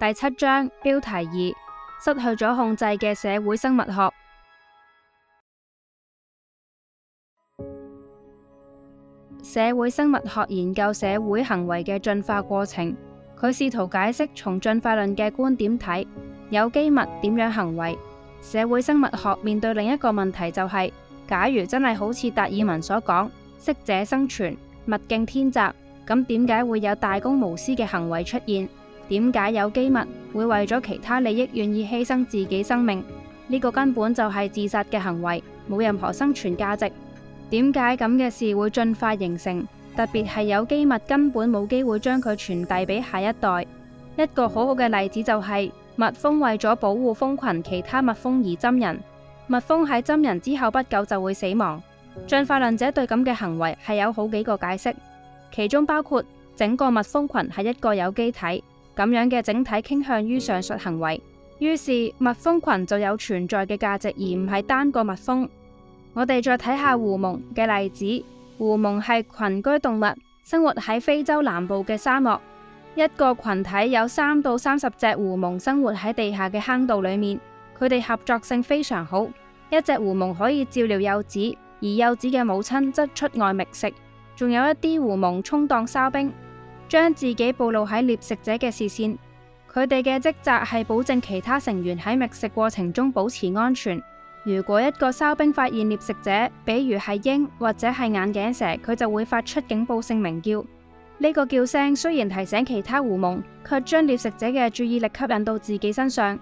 第七章標題二：失去咗控制嘅社會生物學。社會生物學研究社會行為嘅進化過程，佢試圖解釋從進化論嘅觀點睇，有機物點樣行為。社會生物學面對另一個問題就係，假如真係好似達爾文所講，適者生存，物競天擇，咁點解會有大公無私嘅行為出現？點解有機物會為咗其他利益願意犧牲自己生命？呢、這個根本就係自殺嘅行為，冇任何生存價值。點解咁嘅事會進化形成？特別係有機物根本冇機會將佢傳遞俾下一代。一個好好嘅例子就係、是、蜜蜂為咗保護蜂群，其他蜜蜂而針人。蜜蜂喺針人之後不久就會死亡。進化論者對咁嘅行為係有好幾個解釋，其中包括整個蜜蜂群係一個有機體。咁樣嘅整體傾向於上述行為，於是蜜蜂群就有存在嘅價值，而唔係單個蜜蜂。我哋再睇下狐獴嘅例子。狐獴係群居動物，生活喺非洲南部嘅沙漠。一個群體有三到三十隻狐獴生活喺地下嘅坑道裏面，佢哋合作性非常好。一隻狐獴可以照料幼子，而幼子嘅母親則出外覓食，仲有一啲狐獴充當哨兵。將自己暴露喺獵食者嘅視線，佢哋嘅職責係保證其他成員喺覓食過程中保持安全。如果一個哨兵發現獵食者，比如係鷹或者係眼鏡蛇，佢就會發出警報性鳴叫。呢個叫聲雖然提醒其他狐獴，卻將獵食者嘅注意力吸引到自己身上。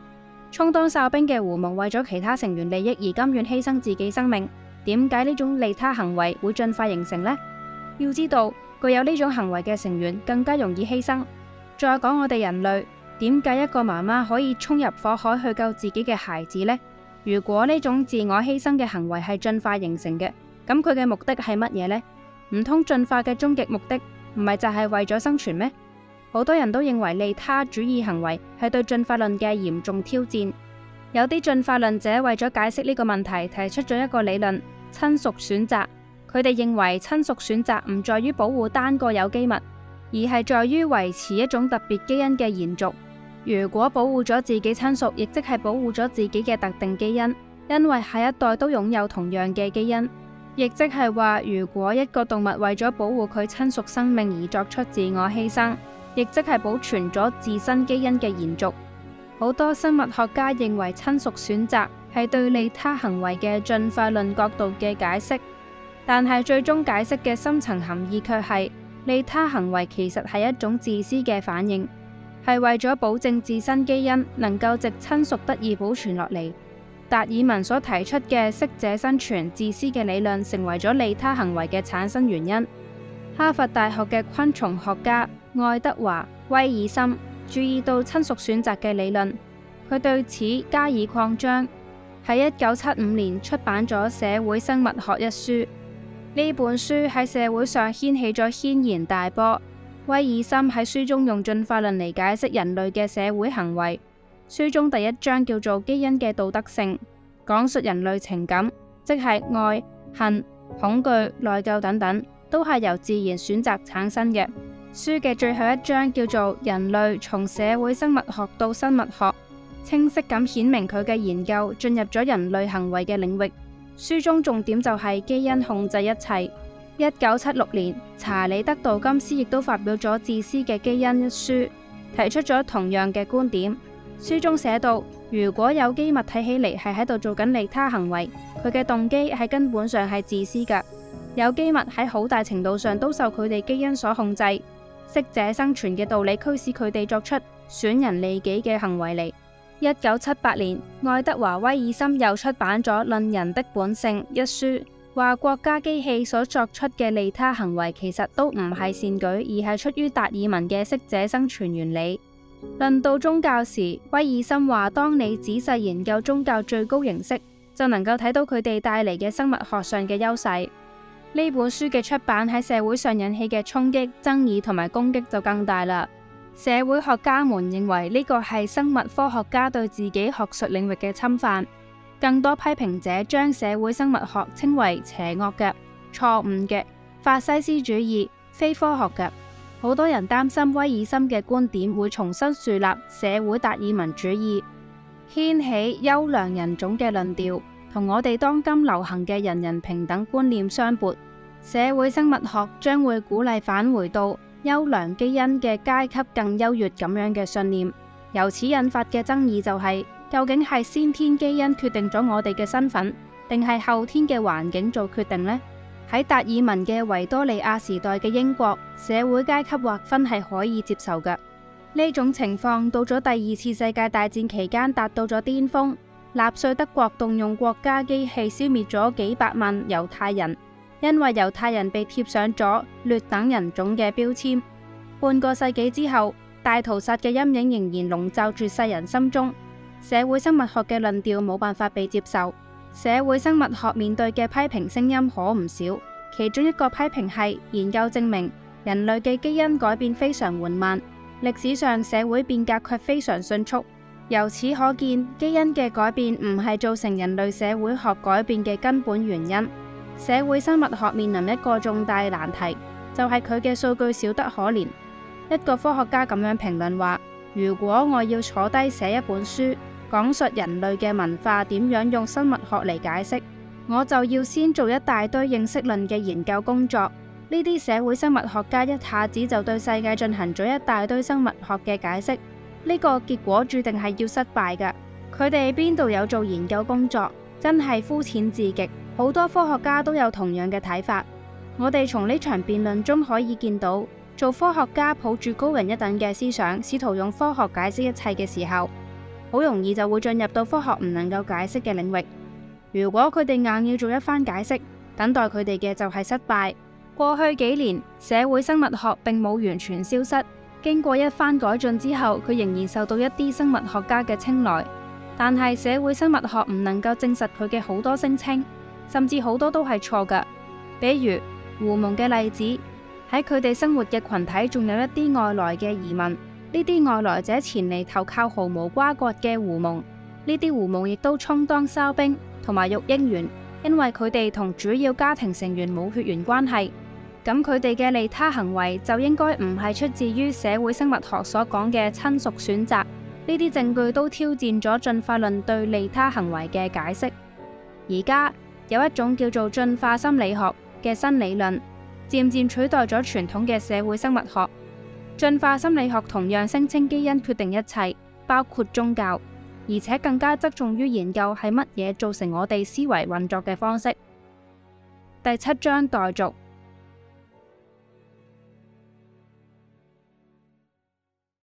充當哨兵嘅狐獴為咗其他成員利益而甘願犧牲自己生命，點解呢種利他行為會盡快形成呢？要知道。具有呢種行為嘅成員更加容易犧牲。再講我哋人類，點解一個媽媽可以衝入火海去救自己嘅孩子呢？如果呢種自我犧牲嘅行為係進化形成嘅，咁佢嘅目的係乜嘢呢？唔通進化嘅終極目的唔係就係為咗生存咩？好多人都認為利他主義行為係對進化論嘅嚴重挑戰。有啲進化論者為咗解釋呢個問題，提出咗一個理論：親屬選擇。佢哋認為親屬選擇唔在於保護單個有機物，而係在於維持一種特別基因嘅延續。如果保護咗自己親屬，亦即係保護咗自己嘅特定基因，因為下一代都擁有同樣嘅基因。亦即係話，如果一個動物為咗保護佢親屬生命而作出自我犧牲，亦即係保存咗自身基因嘅延續。好多生物學家認為親屬選擇係對利他行為嘅進化論角度嘅解釋。但係最終解釋嘅深層含義卻係，利他行為其實係一種自私嘅反應，係為咗保證自身基因能夠藉親屬得以保存落嚟。達爾文所提出嘅適者生存、自私嘅理論成為咗利他行為嘅產生原因。哈佛大學嘅昆蟲學家愛德華威爾森注意到親屬選擇嘅理論，佢對此加以擴張，喺一九七五年出版咗《社會生物學》一書。呢本書喺社會上掀起咗軒然大波，威爾森喺書中用進化論嚟解釋人類嘅社會行為。書中第一章叫做《基因嘅道德性》，講述人類情感，即係愛、恨、恐懼、內疚等等，都係由自然選擇產生嘅。書嘅最後一章叫做《人類從社會生物學到生物學》，清晰咁顯明佢嘅研究進入咗人類行為嘅領域。書中重點就係基因控制一切。一九七六年，查理德道金斯亦都發表咗自私嘅基因一書，提出咗同樣嘅觀點。書中寫道，如果有機物睇起嚟係喺度做緊利他行為，佢嘅動機係根本上係自私嘅。有機物喺好大程度上都受佢哋基因所控制，適者生存嘅道理驅使佢哋作出損人利己嘅行為嚟。一九七八年，愛德華威爾森又出版咗《論人的本性》一書，話國家機器所作出嘅利他行為其實都唔係善舉，而係出於達爾文嘅適者生存原理。論到宗教時，威爾森話：當你仔細研究宗教最高形式，就能夠睇到佢哋帶嚟嘅生物學上嘅優勢。呢本書嘅出版喺社會上引起嘅衝擊、爭議同埋攻擊就更大啦。社會學家們認為呢個係生物科學家對自己學術領域嘅侵犯。更多批評者將社會生物學稱為邪惡嘅、錯誤嘅、法西斯主義、非科學嘅。好多人擔心威爾森嘅觀點會重新樹立社會達爾文主義，掀起優良人種嘅論調，同我哋當今流行嘅人人平等觀念相悖。社會生物學將會鼓勵返回到優良基因嘅階級更優越咁樣嘅信念，由此引發嘅爭議就係，究竟係先天基因決定咗我哋嘅身份，定係後天嘅環境做決定呢？喺達爾文嘅維多利亞時代嘅英國，社會階級劃分係可以接受嘅。呢種情況到咗第二次世界大戰期間達到咗巔峰，納粹德國動用國家機器消滅咗幾百萬猶太人。因為猶太人被貼上咗劣等人種嘅標籤，半個世紀之後，大屠殺嘅陰影仍然籠罩住世人心中。社會生物學嘅論調冇辦法被接受，社會生物學面對嘅批評聲音可唔少。其中一個批評係，研究證明人類嘅基因改變非常緩慢，歷史上社會變革卻非常迅速。由此可見，基因嘅改變唔係造成人類社會學改變嘅根本原因。社會生物學面臨一個重大難題，就係佢嘅數據少得可憐。一個科學家咁樣評論話：如果我要坐低寫一本書，講述人類嘅文化點樣用生物學嚟解釋，我就要先做一大堆認識論嘅研究工作。呢啲社會生物學家一下子就對世界進行咗一大堆生物學嘅解釋，呢個結果注定係要失敗噶。佢哋邊度有做研究工作，真係膚淺至極。好多科學家都有同樣嘅睇法。我哋從呢場辯論中可以見到，做科學家抱住高人一等嘅思想，試圖用科學解釋一切嘅時候，好容易就會進入到科學唔能夠解釋嘅領域。如果佢哋硬要做一番解釋，等待佢哋嘅就係失敗。過去幾年，社會生物學並冇完全消失。經過一番改進之後，佢仍然受到一啲生物學家嘅青睞，但係社會生物學唔能夠證實佢嘅好多聲稱。甚至好多都係錯嘅，比如狐獴嘅例子。喺佢哋生活嘅群體，仲有一啲外來嘅移民。呢啲外來者前嚟投靠毫無瓜葛嘅狐獴，呢啲狐獴亦都充當哨兵同埋育嬰員，因為佢哋同主要家庭成員冇血緣關係。咁佢哋嘅利他行為就應該唔係出自於社會生物學所講嘅親屬選擇。呢啲證據都挑戰咗進化論對利他行為嘅解釋。而家。有一種叫做進化心理學嘅新理論，漸漸取代咗傳統嘅社會生物學。進化心理學同樣聲稱基因決定一切，包括宗教，而且更加側重於研究係乜嘢造成我哋思維運作嘅方式。第七章待續。代